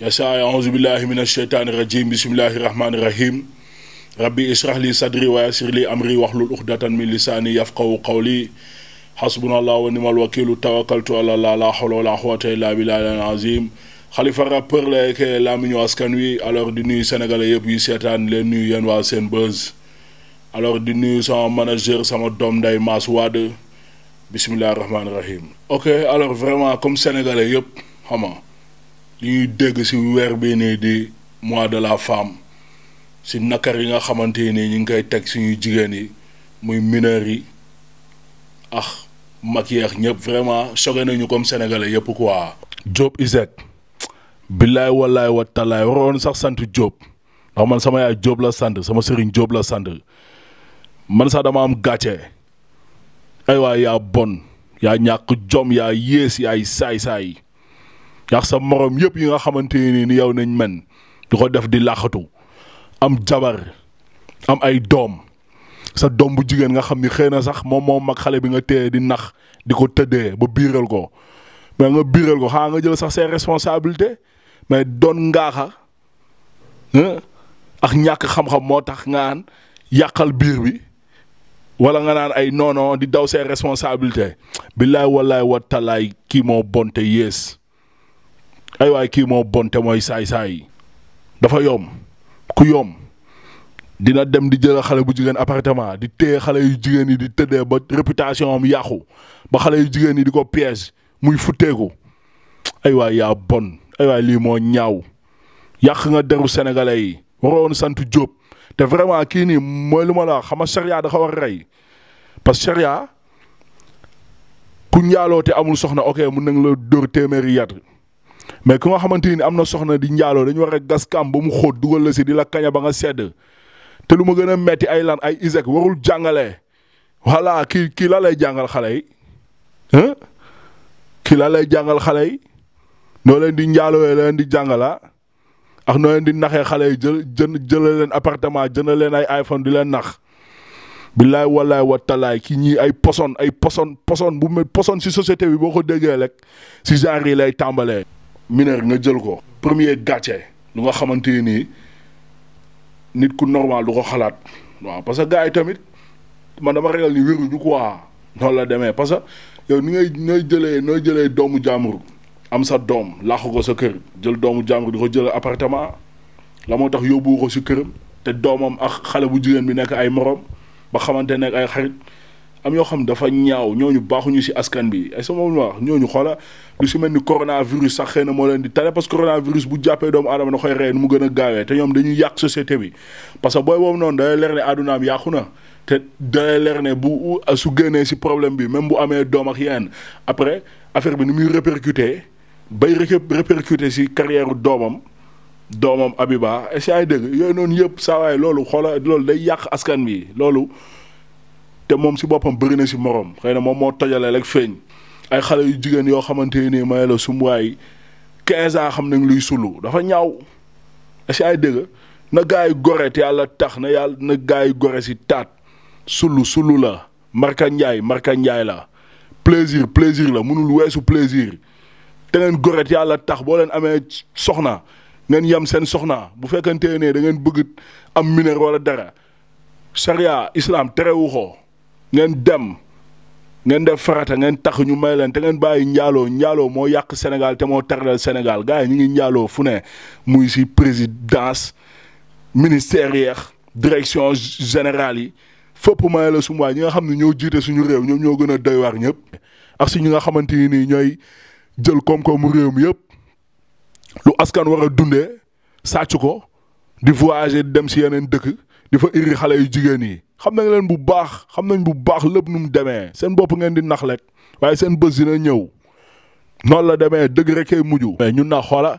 yasaay aouzu billahi min asheytaani rajim bismillahi rahmaani rahim rabbi israh sadri wa yassir amri waxlul uxdatan min lisaani yafqahu qawli xasbunallah wa nimal wakilu tawakkaltu ala la la hawla wala quwwata illa billahi al azim xalifa rappeur la ke lamiñu askan wi alors di nuyu sénégalais yëpp yu seetaan leen nuyu yéen seen buzz alors di nuyu sama manager sama doom nday Mass Wade bismillahi rahmaani rahim ok alors vraiment comme sénégalais li ñuy dégg ci weer bi nii di mois de la femme si nakar yi nga xamante ni ñu ngi koy teg suñuy jigéen yi muy mineur yi ak mag yeex ñëpp vraiment choqué nañu comme sénégalais yëpp quoi. Diop Isaac. billaay wallaay wa talaay waroon sax sant Diop ndax man sama yaay Diop la sant sama sëriñ Diop la sant man sax dama am gàcce ay waay yaa bon yaa ñàkk jom yaa yées yaay saay saay. ndax sa moroom yëpp yi nga xamante ne ni yow nañ men di ko def di laaxatu am jabar am ay doom sa doom bu jigéen nga xam ni xëy na sax moom moom mag xale bi nga téye di nax di ko tëddee ba biiral ko mais nga biiral ko xaa nga jël sax ses responsabilités mais doon ngaaxa ak ñàkk xam-xam moo tax nga naan yàqal biir bi wala nga naan ay noono di daw ses responsabilités billaay wallaay watalaay kii moo bonte yées ay waay kii moo bon te mooy saay-saay dafa yomb ku yom dina dem di jëla xale bu jigéen appartement di téye xale yu jigéen yi di tëddee ba réputation am yàqu ba xale yu jigéen yi di ko piège muy futteeku ay waay yaa bon ay waay lii moo ñaaw yàq nga deru sénégalais yi waroon sant Diop te vraiment kii nii mooy lu ma la xam nga charia dafa war rey parce que charia ku njaaloo te amul soxna ok mun nañ la dóor téeméeri yat mais ku nga xamante ni am na soxna di njaaloo dañu war a gas kaam ba mu xóot dugal la si di la kaña ba nga sedd te lu ma gën a metti ay lan ay isek warul jàngale voilà kii kii la lay jàngal xale yi kii la lay jàngal xale yi noo leen di njaalowee la leen di jàngala ak noo di naxee xale yi jël jën jëla leen appartement jënd leen ay iPhone di leen nax billaay wallaay watalaay ki ñii ay poson ay poson poson bu mel poson si société bi boo ko déggee rek si genre yi lay tàmbalee mineur nga jël ko. premier gàcce lu nga xamante nii nit ku normal du ko xalaat waaw parce que gars yi tamit man dama ragal ni wéruñu quoi noonu la demee parce que yow ni ngay nooy jëlee nooy jëlee doomu jàmbur am sa doom làq ko sa kër jël doomu jàmbur di ko jël appartement la moo tax yóbbu ko si këram te doomam ak xale bu jigéen bi nekk ay morom ba xamante nekk ay xarit. am yoo xam dafa ñaaw ñooñu baaxuñu ci askan bi ay sama wax ñooñu xoola lu ci mel ni coronavirus sax xëy moo leen di tane parce que coronavirus bu jàppee doomu aadama da koy rey nu mu gën a gaawee te ñoom dañuy yàq société bi parce que booy boobu noonu day leer ne àddunaam yàqu na te day leer ne bu su génnee ci problème bi même bu amee doom ak après affaire bi ni muy répercuté bay répercuté ci carrière doomam doomam Abiba est-ce que ay dégg yooyu noonu yëpp saa loolu xoola loolu day yàq askan bi loolu. te moom si boppam bëri na si moroom xëy na moom moo tojalee rek feeñ ay xale yu jigéen yoo xamante ne may la sumwaay 15 ans xam nañ luy sulu dafa ñaaw si ay dëgg na gaay gore te yàlla tax na yàlla na gaay gore si taat sulu sulu la marka markanjaay la plaisir plaisir la mënul weesu plaisir te ngeen gore yàlla tax boo leen amee soxna ngeen yem seen soxna bu fekkante ne da ngeen bëgg am mineur wala dara charia islaam terewu ko ngeen dem ngeen def farata ngeen tax ñu may leen te ngeen bàyyi njaaloo njaaloo moo yàq Sénégal te moo tardal Sénégal gars yi ñu ngi njaaloo fu ne muy si présidence ministère yeex direction générale yi fépp may la sumuwaay ñi nga xam ne ñoo jiite suñu réew ñoom ñoo gën a doy waar ñëpp ak si ñi nga xamante ni nii ñooy jël koom-koomu réew mi yëpp lu askan war a dundee sàcc ko di voyager dem si yeneen dëkk di fa iri xale yu jigéen yi xam nañ leen bu baax xam nañ bu baax lépp nu mu demee seen bopp ngeen di nax lekk waaye seen bés dina ñëw noonu la demee dëgg rek mujj. mais ñun na xoola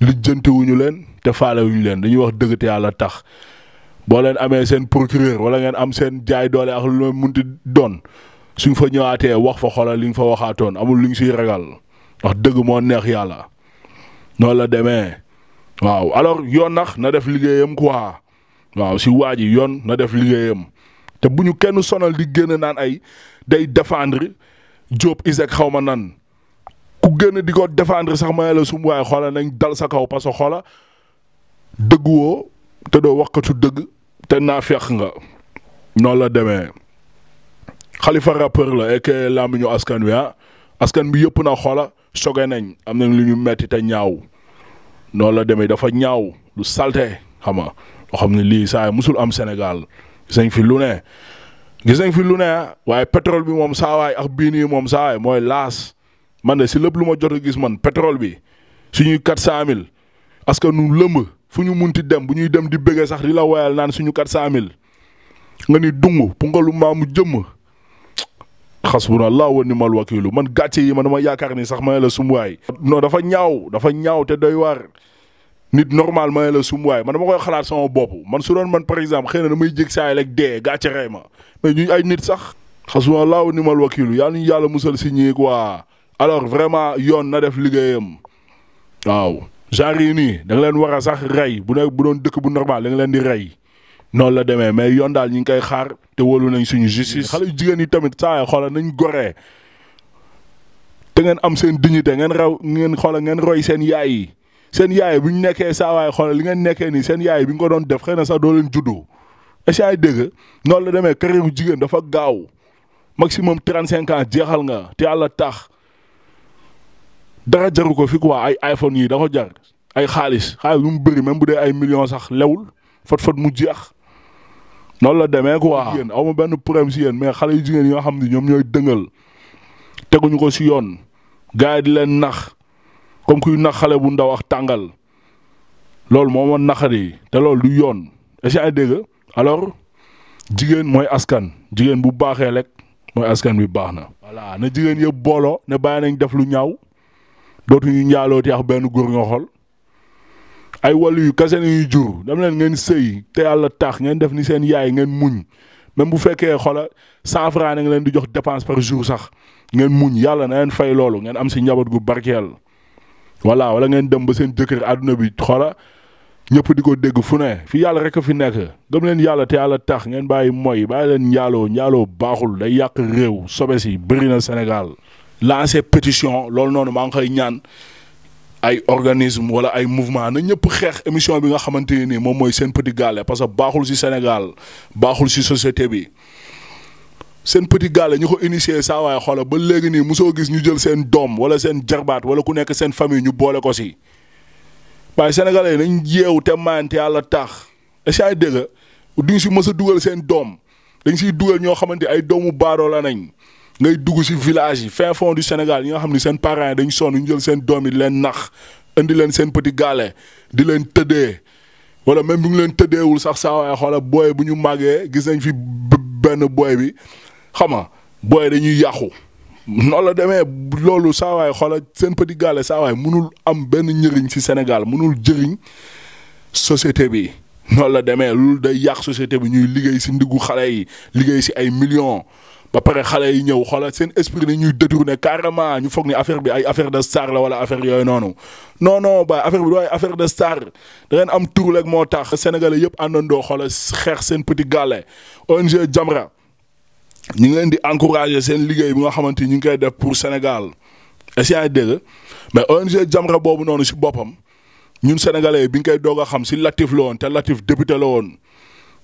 lijjantiwuñu leen te faalewuñu leen dañuy wax dëgg te yàlla tax boo leen amee seen procureur wala ngeen am seen jaay doole ak lu leen munti doon suñ fa ñëwaatee wax fa xoolal li nga fa waxaatoon amul lu ñu siy ragal ndax dëgg moo neex yàlla noonu la demee waaw alors yoon nax na def liggéeyam waaw si waa ji yoon na def liggéeyam te bu ñu kenn sonal di génn naan ay day défendre Diop Isaac xaw ma nan ku génn di ko défendre sax ma la sum waaye xoola nañ dal sa kaw parce que xoola dëgguwoo te doo waxkatu dëgg te naa feq nga noonu la demee xalifa rappeur la ek làmmiñu askan wi ah askan bi yëpp na xoola soge nañ am nañ lu ñu metti te ñaaw noonu la demee dafa ñaaw lu salte xam xam ne lii saa musul am Sénégal gis nañ fi lu ne gis nañ fi lu ne waaye pétrole bi moom saa waay ak bii nii moom saa waay mooy laas man de si lépp lu ma jot a gis man pétrole bi suñuy quatre cent mille parce que nu lëmb fu ñu munti dem bu ñuy dem di bëggee sax di la woyal naan suñu quatre cent mille nga ni dung pungalu maamu jëmm xasbunallahu wa ni'mal wakiilu man gàcce yi man dama yaakaar ni sax ma la sumuwaay non dafa ñaaw dafa ñaaw te doy waar nit normal ma la sum waay man dama koy xalaat sama bopp man su doon man par exemple xëy na damay jég saay rek dee gàcce rey ma mais ñu ay nit sax xasuma laaw ni mal wakiilu yàlla ñu yàlla musal si ñii quoi alors vraiment yoon na def liggéeyam waaw genre yi nii da leen war a sax rey bu ne bu doon dëkk bu normal da nga leen di rey noonu la demee mais yoon daal ñu ngi koy xaar te wóolu nañ suñu justice. xale yu jigéen yi tamit saa xoola nañ goree te ngeen am seen dignité ngeen raw ngeen xoola ngeen roy seen yaay yi seen yaay bi ñu nekkee saa waay xoolal li nga nekkee nii seen yaay bi nga ko doon def xëy na sax doo leen juddoo est ce dégg noonu la demee carrière jigéen dafa gaaw maximum trente cinq ans jeexal nga te yàlla tax dara jaru ko fi waa ay iPhone yi dafa ko jar ay xaalis xaalis lu mu bëri même bu dee ay million sax lewul fot fot mu jeex. noonu la demee quoi yéen aw ma benn problème si yéen mais xale yu jigéen yi xam ne ñoom ñooy dëngal teguñu ko si yoon gars di leen nax. comme kuy nax xale bu ndaw ak tàngal loolu moo ma naxari te loolu du yoon est-ce que alors jigéen mooy askan jigéen bu baaxee rek mooy askan bi baax na. voilà na jigéen yëpp booloo ne bàyyi nañ def lu ñaaw dootuñu njaalooti ak benn góor nga xool ay wàllu yu kese nañuy jur dam leen ngeen sëy te yàlla tax ngeen def ni seen yaay ngeen muñ même bu fekkee xoola cent francs nga leen di jox dépense par jour sax ngeen muñ yàlla na leen fay loolu ngeen am si njaboot gu barkeel voilà wala ngeen dem ba seen jëkkër àdduna bi xoola ñëpp di ko dégg fu ne fi yàlla rek a fi nekk gëm leen yàlla te yàlla tax ngeen bàyyi mooy bàyyi leen njaaloo njaaloo baaxul day yàq réew sobe si bëri na Sénégal lancer pétition loolu noonu maa ngi koy ñaan ay organisme wala ay mouvement na ñëpp xeex émission bi nga xamante ne nii moom mooy seen petit gàlle parce que baaxul si Sénégal baaxul si société bi seen petit gaale ñu ko initier saawaay xoola ba léegi nii musoo gis ñu jël seen doom wala seen jarbaat wala ku nekk seen famille ñu boole ko si waaye sénégalais yi nañ yeewu te maante yàlla tax est-ce que dégg duñ si mës dugal seen doom dañ siy dugal ñoo xamante ay doomu baadoo la nañ ngay dugg si village yi fin fond du Sénégal yi nga xam ni seen parent yi dañ sonn ñu jël seen doom yi di leen nax indi leen seen petit gaale di leen tëddee wala même bu ñu leen tëddeewul sax saa waay xoola booy bu ñu màggee gis nañ fi benn booy bi xam nga booy dañuy yàqu. noonu la demee loolu saa waay xoola seen petit gàllé saa munul am benn njëriñ ci Sénégal munul jëriñ société bi noonu la demee loolu day yàq société bi ñuy liggéey ci ndiggu xale yi liggéey si ay millions ba pare xale yi ñëw xoola seen esprit dañuy ñuy détourné carrément ñu foog ni affaire bi ay affaire de star la wala affaire yooyu noonu non non ba affaire bi du ay affaire de star da ngeen am tur rek moo tax sénégalais yëpp àndandoo xoola xeex seen petit gàllé ONG Jamra ñu ngi leen di encourager seen liggéey bi nga xamante ni ñu ngi koy def pour Sénégal essai dégg mais ONG Jamra boobu noonu si boppam ñun sénégalais bi ñu koy doog a xam si Latif la woon te Latif député la woon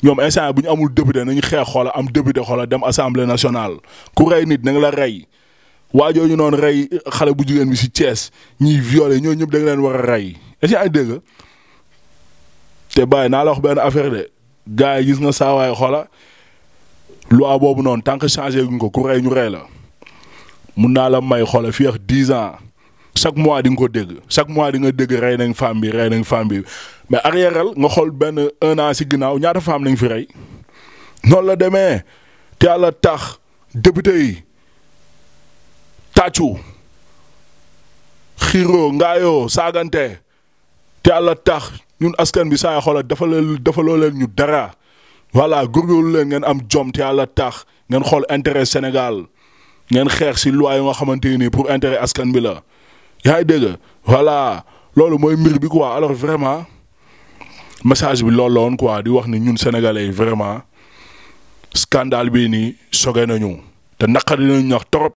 ñoom instant bu ñu amul député nañu xeex xoola am député xoola dem assemblée national ku rey nit na nga la rey waa jooju noonu rey xale bu jigéen bi si Thiès ñi violé ñoo ñëpp da nga leen war a rey essai dégg te bàyyi naa la wax benn affaire de gars gis nga saa waay loi boobu noonu tant que changé guñ ko ku rey ñu rey la mun naa la may xoola fii ak dix ans chaque mois di nga ko dégg chaque mois di nga dégg rey nañ femme bi rey nañ femme bi mais arrièreal nga xool benn un si ginnaaw ñaata femme nañ fi rey noonu la demee te yàlla tax député yi tàccu xiiroo ngaayoo saagante te yàlla tax ñun askan bi saa xoola dafa leen dafa loo ñu dara voilà góorgóorlu leen ngeen am jom te yàlla tax ngeen xool intérêt Sénégal ngeen xeex si loi yi nga xamante nii pour intérêt askan bi la yaa ngi dégg voilà loolu mooy mbir bi quoi alors vraiment message bi loolu la woon quoi di wax ni ñun sénégalais yi vraiment scandale bii nii soge nañu te naqari nañu ñax trop.